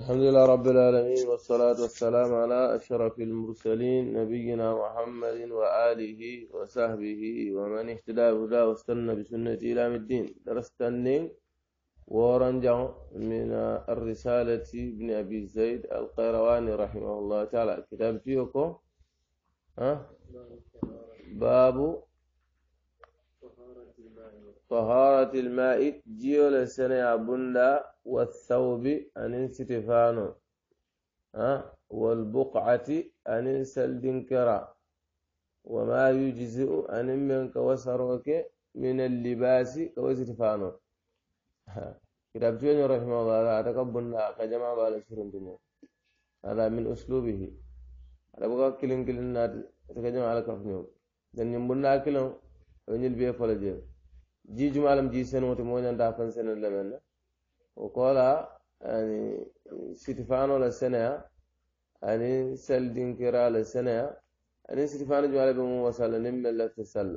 الحمد لله رب العالمين والصلاة والسلام على أشرف المرسلين نبينا محمد وآله وصحبه ومن اهتدى بهداه واستنى بسنته إلى الدين درست ورنجع من الرسالة ابن أبي زيد القيرواني رحمه الله تعالى كتاب فيكم أه؟ باب طهارة الماء جيول السنة بندا والثوب أنين ستفانو ها والبقعة أنين سلدنكرا وما يجزئ أنين من كوسروك من اللباس كوسرفانو كتاب جوني رحمه الله هذا تكبرنا كجماعة بالسرون دنيا هذا من أسلوبه هذا بقى كلين كلين نات تكجمع على كفنيو دن يمبرنا كلهم ونجل بيه فلجيه جي جمالم جي سنوات موجان دافن سنن لمن وقال يعني سيتفانو لسنة يعني سل دينكرا لسنة يعني سيتفانو جوالا بمو وصل نم لك تسل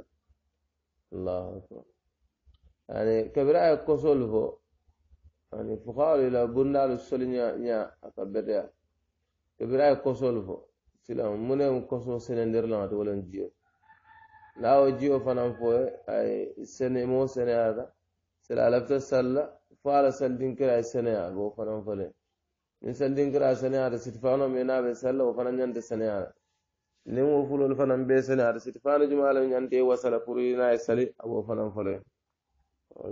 الله أكبر يعني كبراء كسول فو يعني فقال إلى بندال السل نيا نيا أكبر كبراء كسول فو سلام منهم كسول سنندر لنا ولا نجيو لا وجيو فنان فوه أي يعني، سنة مو سنة هذا سلالفت سلا فار سلدين كرا سنيا وفنان فلين من سلدين كرا سنيا رسيت فانو منا بسلا وفنان جنت سنيا نمو فلو الفنان بسنيا رسيت فانو جمال من جنت وصل فرينا سلي أبو فنان فلين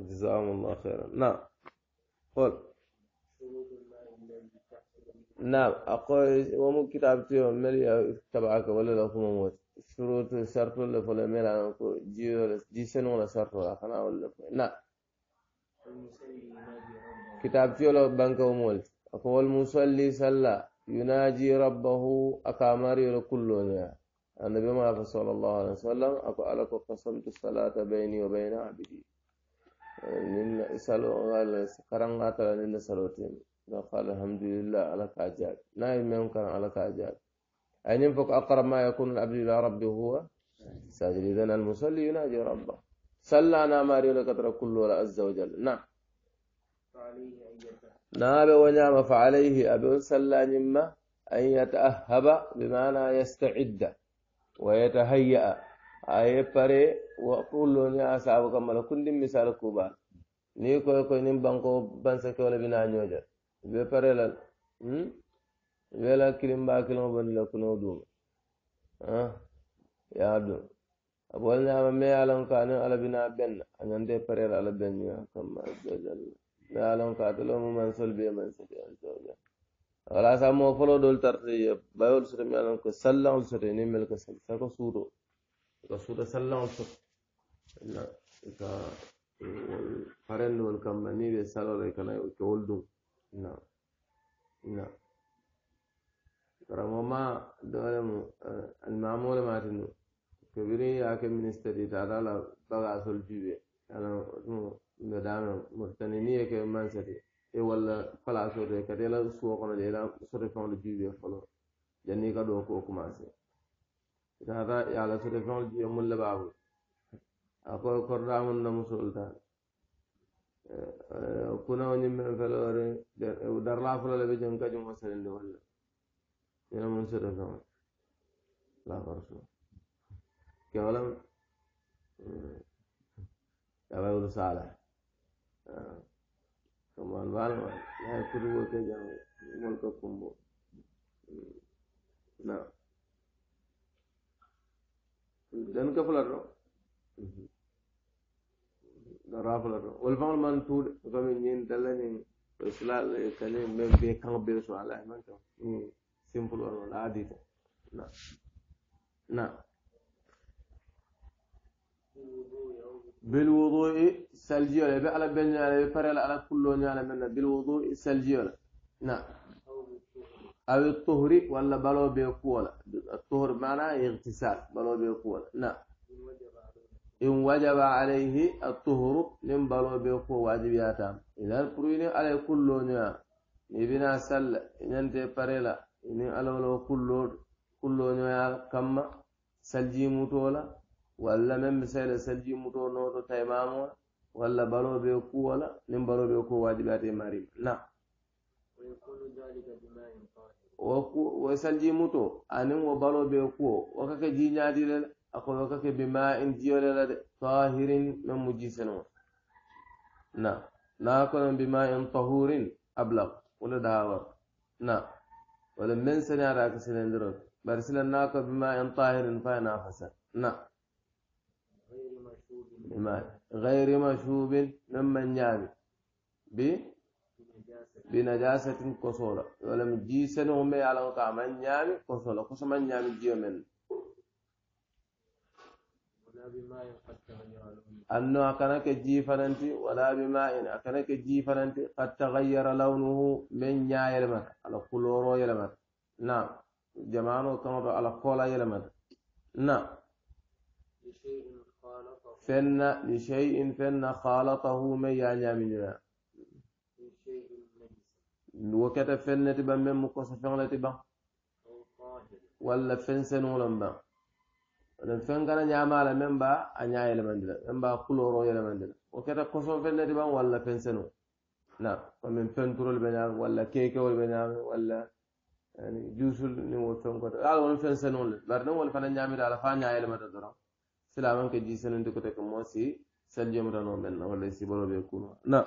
جزاهم الله خيرا نعم قل نعم أقول ومو كتاب تيو مليا تبعك ولا لكم موت شروط شرط لفلا ميلا نقول جيو جيسن ولا شرط ولا خنا ولا نعم كتاب تيولو بانكو مول أقول المصلي صلى يناجي ربه أكامر أكامري كلنا النبي ما صلى الله عليه وسلم أكو لك قسمت الصلاة بيني وبين عبدي نين سالو قال كرم قاتل نن سلوتين قال الحمد لله على كاجات نايم من كان على كاجات أين ينفق أقرب ما يكون العبد إلى ربه هو ساجد إذا المصلي يناجي ربه صلى أنا ماري لك كل ولا عز وجل نعم نابي ونعم فعليه أبن سلا نما أن يتأهب بمعنى يستعد ويتهيأ أي بري وقول لي أصحاب كمال كل مثال كوبا ni koy koy nim banko bansa ke wala bina ñoja be pare lal hmm wela kilim ba kilim ban la kuno do ah ya do abol na me alan ka ne ala bina ben anande pare ala ben ya kam jalla لا لون قاتلهم من سلبي من سلبي ولا سامو فلو دول ترتي بايول سرمي لون كو سلام سري ني ملك سل سكو سودو كو سودو سلام سر لا كا فرن دول كم ني بي سالو لي كنا يولدو نعم نعم رمما دولم المعمول ما تنو كبيري ياك منستري تعالى بغا سلبي انا ɓe dano mauritani niŋ ye ke mansati e walla palaso to kata ila suo kono je ila soto feŋolu juubee folo janni ka doo koo commencé ita hata ye ala soto feŋolu juubee mun le baa bulu a ko kordaa mun na musolu taa kunawo ñiŋ meŋ feloore darlaa fula le be jeŋ ka jumo selindi walla ñena mun soto feŋo lakor so kewalam yaba wulu saala Comment valwa, ya kurugo ke jang, mon ko kumbo. Na. Dan ka fular no. Da ra fular no. Wal fa'al man tud ko min yin dalani isla kale men be kan be so ala man ka. Simple wal adi. Na. Na. bilwudui saljiyola ɓe ala beñala ɓe e parela ala kullo ñala menna bilwudui saljiyola na awi tuhri walla balo be kuwola tuhr mana e irtisal balo be kuwola na in wajaba alayhi atuhru nin balo be kuwo wajibiyatama idan puruini ala kullo ñoya ni bina salla ñante parela inin alawolo kullo kullo ñoyala kamma salji mutola ولا من مسألة سلجي مطور نوتو تيمام ولا برو بيوكو ولا نم برو بيوكو واجبات ماري لا وكو وسلجي مطو أنم وبرو بيوكو وكك جينا دي لل أكو وكك بماء جيو لل طاهر من مجيسنو نا نا كن بماء طهور أبلغ ولا دعوة نا ولا من سنة راك سلندرو برسلنا كن بماء طاهر فانا حسن نعم الماء غير مشوب لما نجاب ب بنجاسة كسولة ولم جيسن ومي على وقع من نعم كسولة كسو من نعم جيو من أنه أكنك جي فننتي ولا إن أكنك جي فننتي قد تغير لونه من نعم يلمك على كلورو يلمك نعم جمانو كما على كولا يلمك نعم فن لشيء فن خالطه من يعني من وكت فن تبا من مقصة فن تبا ولا فن سنولن با ولن فن كان نعمى على من با أنيا يلمندلا من با كل كلورو يلمندلا وكت قصة فن تبا ولا فن سنو نعم ومن فن ترول بنام ولا كيكة والبنام ولا يعني جوسل نمو فن كتر على ولن فن سنولن برنو ولن فن نعمى على فن نعمة يلمندلا silaman ke jisenente kote ko mo si sel jomrano men na walla siboro ɓe kuno na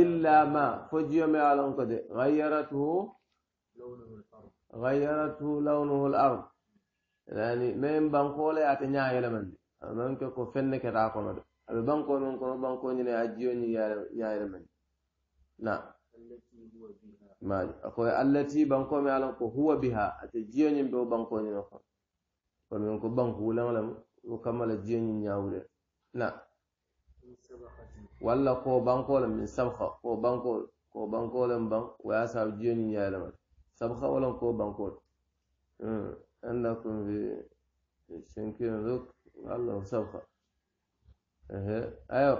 illa ma fo jiyome alon ko de gayyarathu gayyarathu lawnuhu l ard yani men bankole ate ñayele men de man ke ko fenne keta kono de aɓe banko men kono bankoñine a jiyoñi ñayele men na maali akoye allati bankomi alan ko huwa biha ate jiyoñin ɓe o bankoñino kon kono min ko banko wulaŋolam wo kammala jiyoñin ñawure na walla ko bankolam min sabha ko banko ko bankolam ban waya saabu jiyoñin yaylamal sabha walan ko bankol andakum fi cinkin ruk allah sabha ayo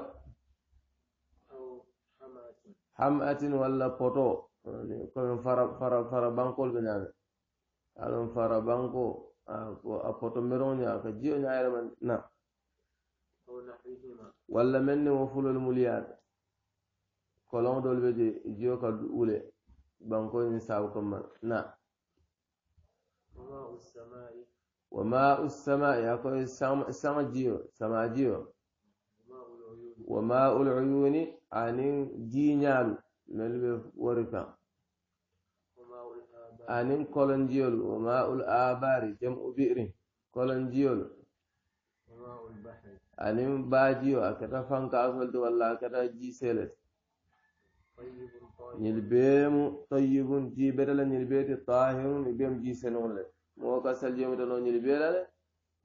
hamatin walla poto komin fara bankol ɓe naame alon fara banko a poto meroña ka jiyoña ayreman na walla men ni wo fulol muliyaata kolonɗol ɓe je jiyo ka wule bankoyin saabu ko man na wa ma'u samai akoye sama jiyo sama jiyo wa ma'ul uyuni anin jiñaalu nolu ɓe wori kam anin kolonjiyol wo maul abari jam u biri kolonjiyol anin bajiyo a kata fankasolde walla a kata jiselet ñilbeemu toyibun jibetala ñilbeeti tahiru mi ɓeem jisenole moo ka saljomi tano ñilbeelale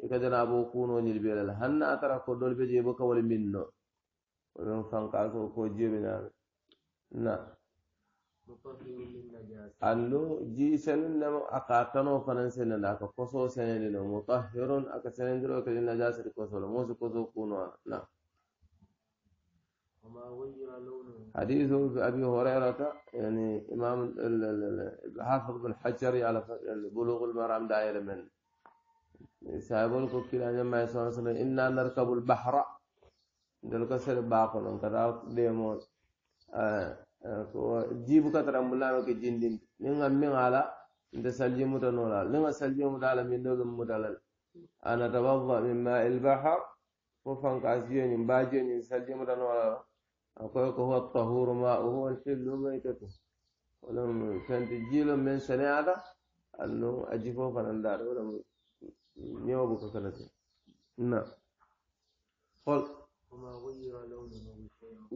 i e kadana bo kuuno ñilbeelale hanna a tara koddol be jeebo kawole minno oɗon fankasol ko jiyomi naame نعم allo ji senin da a katano fanan senin da aka kwaso senin da mutahirun aka senin da lokacin na ja su kwaso da musu kwaso kuno na حديث أبي هريرة يعني إمام الحافظ بن حجر على بلوغ المرام دائرة من سابل كلا جمع إنا نركب البحر دلك سر باقون كذا ديمون ko jibu katara mulano ke jindin ninga min ala nda salji muta nola ninga salji muta ala min dogum muta ala ana tawadda min ma'il bahar ko fanka asiyoni mbajoni salji muta nola akoy ko huwa tahuru ma'uhu wal hillu maytatu ولم تنتجيل من سنة هذا أنه أجيبه فنندار ولم يوبك كنتي نعم قل وما غير لونه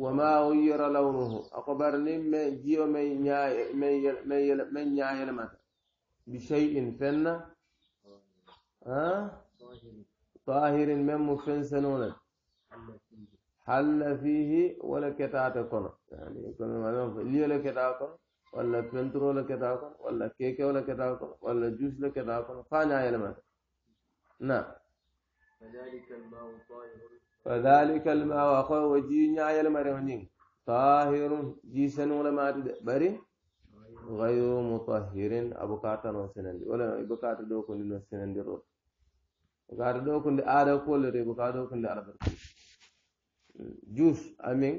وما غير لونه أخبرني نم جيو من نياي من نياي لمت بشيء فن ها طاهر من مفن سنون حل فيه ولا كتاتكم يعني كل ما ليه ولا كتاتكم ولا فنتر ولا كتاتكم ولا كيكة ولا كتاتكم ولا جوس ولا كتاتكم فانا يا لمت نعم كذلك الماء طاهر فذلك الماء وقوي يا يلمرونين طاهر جيسا ولا ما بري غير مطهر أبو كاتا نوسنندي ولا أبو كاتا دوكن نوسنندي رو كاتا دوكن آدا كل ري أبو كاتا دوكن آدا بركي جوس أمين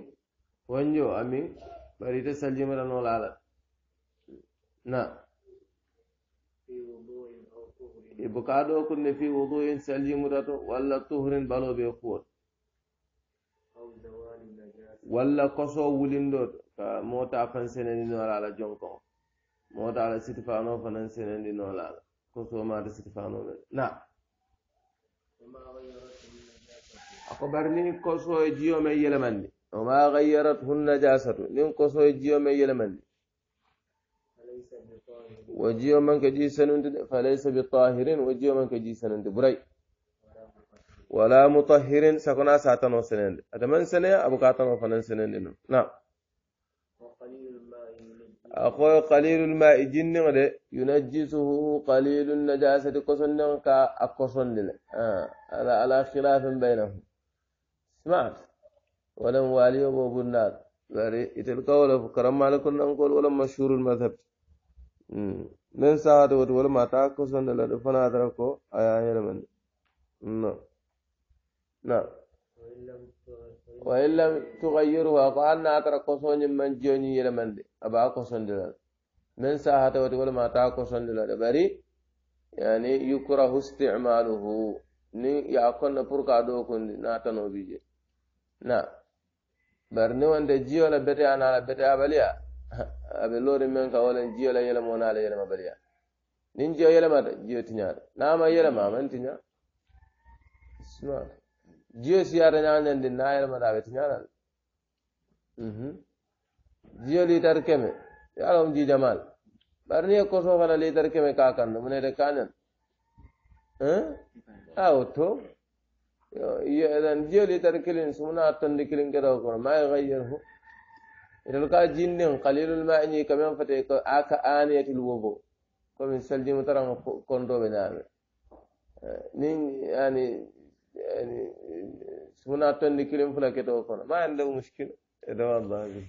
ونجو أمين بريت سلجي مرن ولا على نعم إبو كاتا دوكن في وضوء سلجي راتو ولا طهر بلو بيقول walla koso wulindo ka mota fan senendinola ala jonkon mota ala sitifano fanan senendinola ala koso mata sitifano men na ako bari nin koso e jiyo men yelemandi wama gayyarathu najasatu nin koso e jiyo men yelemandi وجيو من كجي سنند فليس بطاهر وجيو من كجي سنند بري ولا مطهر سكنا ساتنو سنين ادمن سنه ابو كاتنو وفنن سنين نعم أخوي قليل الماء جن غدي ينجسه قليل النجاسة قصن كا أقصن لنا آه. على على خلاف بينهم سمعت ولم والي أبو النار باري يتلقى ولا كرم مالك نقول ولا مشهور المذهب من ساعة ولا ما تاكسن لا فنا أدركه أيا يلمن نعم نعم وإن لم تغيره فأنا أترى قصون من جوني يلمن دي أبا قصون دلال من ساحة وتقول ما تا قصون دلال بري يعني يكره استعماله ni ya konna pour ka do kundi na tano bije na bar ni wanda jiyo la bete ana la bete abaliya abe lori men ka wala jiyo la yelama ona la yelama baliya nin jiyo yelama jiyo tinya na ma yelama man tinya smart jiyo siyata ñañandi nayelmataɓe to ñanan mhm. jiyo litar keme yalom ji jamal Bar ni e koso fana litar keme ka kanno munede kañan a wotto eɗen jiyo litar kilin sumuna tondi kilin keɗo kono ma e gayyirhu itol ka jindin kalilul ma ñi kamen fate ko aka aniyatil wobo komin saljimutaran kondoɓe ñaame eh, nin yani يعني سمنا تون كلمة فلا كتو كنا ما عنده مشكلة دوا والله به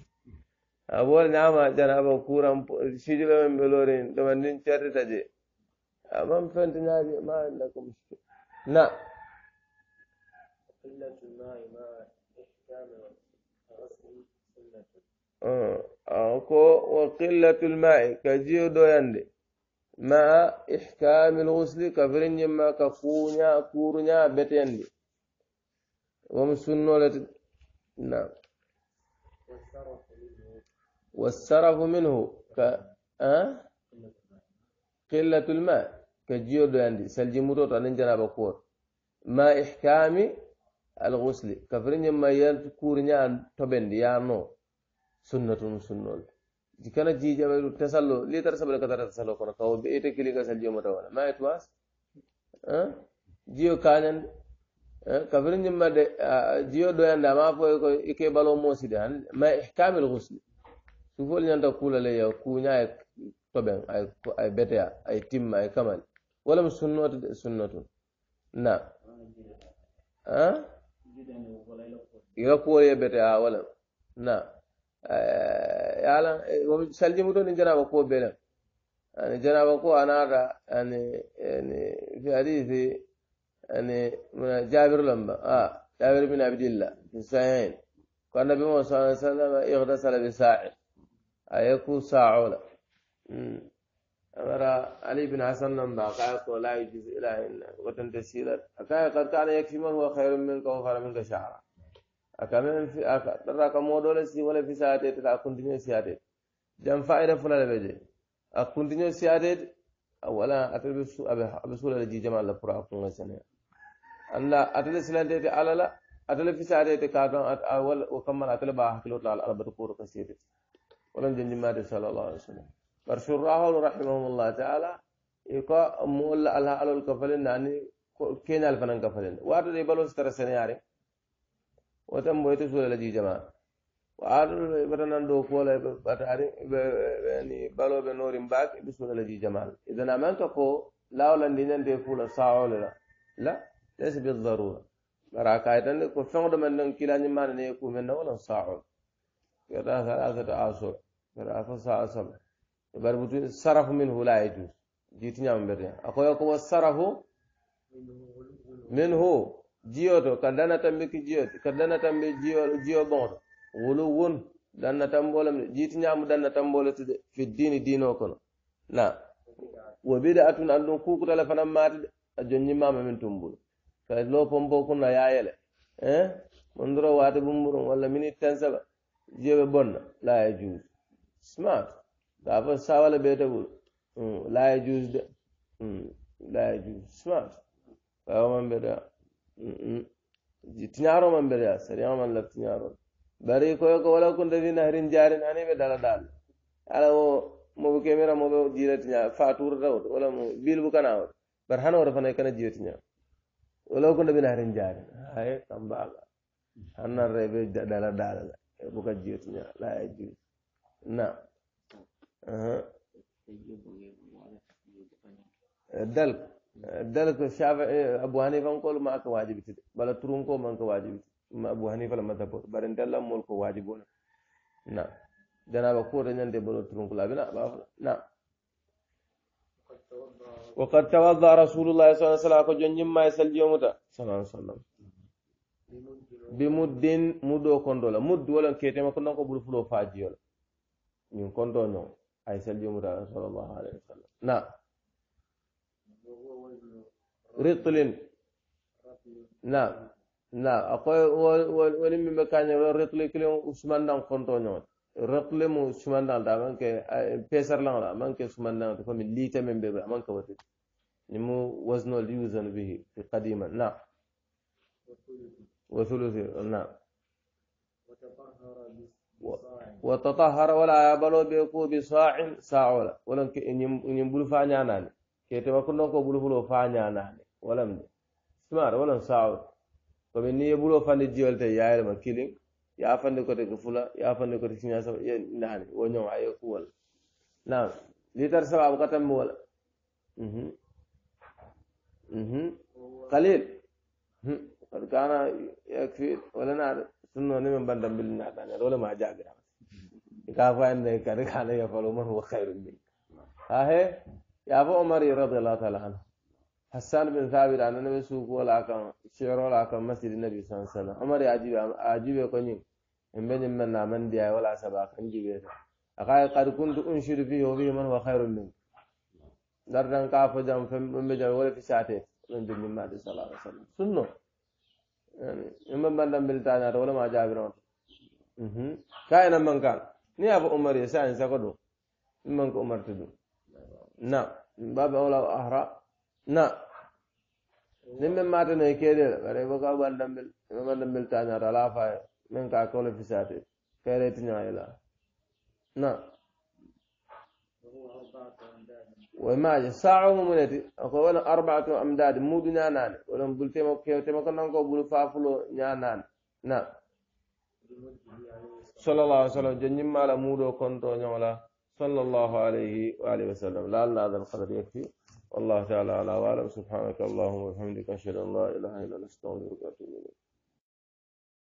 أول نعم أبو كورام سجل من بلورين دمانين شر تجي أمام فنت نادي ما عندك مشكلة نعم قلة الماء مع إحكام غسل سنة أه أكو وقلة الماء كجيو دو يندي ما إحكام الغسل كفرن يما كفونيا كورنيا بتيندي ومسنو لت نعم والسرف منه ك أه؟ قلة الماء كجيو داندي سلجي موتو تانين جناب كور ما إحكام الغسل كفرن يما يلت كورنيا توبندي يا نو سنة سنة jikana jijaɓayɗu tasallo litara saba katara tasallo kono kawo be ite kilinga sal jiyo mata wala maye twas jiyo kanande kafiri jimmade jiyo ɗoyande ama foye ko ike e balo moside an ma ihkamel gusli sufol ñanta kulale ya kuña ay e toɓen ay beteya ay timma ay kamali walam sunnoto de sunnoto na yokkuwoye beteya walam na yalan momin saljimuto ni janaba ko belen ani janaba ko anata ani ani fi hadithi ani muna jabir lamba a jabir bin abdillah fi sahihain ko annabi mo sa alai sallam igtasala bi sa'i aye ku sa'ola amara ali bin hasan lamba kaya ko la yujiz ilahinna watan tasilat akaya kad kana yakfi man huwa khairun minka wa khara minka shahra أكمل في أك ترى كمودول السي ولا في سيادة ترى أكنتينيو سيادة جم فائدة فلا لبجي أكنتينيو سيادة أولا أتلب سو أبي أبي سو لدي جمع الله برا أكون غسنة أنلا أتلب سلالة تي على لا أتلب في سيادة تي كارن أت أول وكمل أتلب باه كلو تلا الأربعة كورو كسيرة ولن جن جماعة صلى الله عليه وسلم برشو الله ورحمه الله تعالى يقا مول الله على الكفلين ناني كين ألفان الكفلين وارد يبلوس ترى سنياري wotan boyta sula la jijama waaɗol ɓata nan dow kuwola ɓatari ni baloɓe nori mbak ɓe sula la jijamal idan amanka ko lawlandiñande fula sawole la la laysa bidarura bara kayitande ko feŋɗo men ɗon kilañimmane ne kumen na wolan sawol kata salasata asur kata fo saa saba bari butu sarafu minhu la yajus jitiñama mbete akoyo ko wa sarafu minhu jiyoto ka danatambe ki jiyote ka danatambe jiyo ɓoto wolu won dannatambolem de jiitiñamu dannatambolete de fi dini dino kono na wo ɓide atun anɗum kukutale fanan mati de a joñimama min tumbulu kay lopompo kunna yayele e mondoro wate bumburum walla minit ten saba jiyoɓe bonna laya juus smart gafo sawala ɓeete ɓuru hmm, laya juus de hmm, laya juus smart kawomanɓeɗea tiñaaro man bereya sariya man laf tiñaaron bari koye ko wala kunta fi nahrin jaarin hani ɓe dala daal ala wo moɓe kemira moɓe jiira tiña faturata wot wala mo bil bu kana wot bari hana wota fana kana jiyo tiña wala kunta fi nahrin jaarin aye kam baaga hannarre ɓe dala daala la buka jiyo tiña la e juri na dalk دلك الشافعي إيه، ابو حنيفه نقول ما كواجب بل ترونكو من كواجب ما ابو حنيفه لما تبو برن دلا مول كواجبون نعم جناب كور نندي بل ترونكو لا بنا نعم. نعم وقد توضا رسول الله صلى الله عليه وسلم كجن ما يسل يوم صلى الله عليه وسلم بمد مدو كوندولا مد ولا كيتما كنا كبر فلو فاجيولا من كوندو نو اي سل يوم صلى الله عليه وسلم نعم رطل نعم نعم أقول ولم مكان رطل كل عثمان دان كنتونيون رطل مو عثمان دان دا من كي بيسر لان دا من كي عثمان دان تفهم ليتا من بيبا من كي وتد نمو وزنه ليوزن به في قديما نعم وثلث نعم وتطهر ولا يبلو بيكو بصاع ساعة ولا ولن ينبلو فعني عناني ke tema kunnon ko bulu fulo fa ñanade walamde simar walan sawot komin ni ye bulo fande jiyol te yayelma kilin ya fande kote ko fula ya fande kote siña saba nani wo ñow aye kuwal nam litar sababu katammi wala qalil قد كان يكفي ولا نعرف سنة من بندم بالنعبان ولا ما جاء كافا أن كان يفعل من هو خير منك ها هي يابو عمر رضي الله تعالى عنه حسان بن ثابت عن النبي سوق ولا كان شعر ولا كان مسجد النبي صلى الله عليه وسلم عمر عجيب عجيب كوني إن بين من نامن بيا ولا سبا كان جيبه أقاي قد كنت أنشر فيه وفيه من هو خير منك دردن كاف جام فم بجام ولا في ساعته من دون ما صلى الله عليه وسلم سنة يعني إما من لم بلتانا ولا ما جابرون كائنا من كان ني أبو عمر يسأل سكدو من عمر تدو نعم من باب أولى وأحرى نعم نمن ما تنهي كيدي بري بقى بندمبل بندمبل تاني رلا فاي من كاكول في ساتي كيري تنعي لا نعم وما ساعة ممنتي أكو ولا أربعة أمداد مو دنا نان ولا بلتي ما كيو تما كنا نكو بلو فافلو نان نعم صلى الله عليه وسلم جنجم مالا مودو كنتو نولا صلى الله عليه وآله وسلم لعل هذا القدر يكفي والله تعالى على وعلم سبحانك اللهم وبحمدك أشهد أن لا إله إلا أنت أستغفرك وأتوب إليك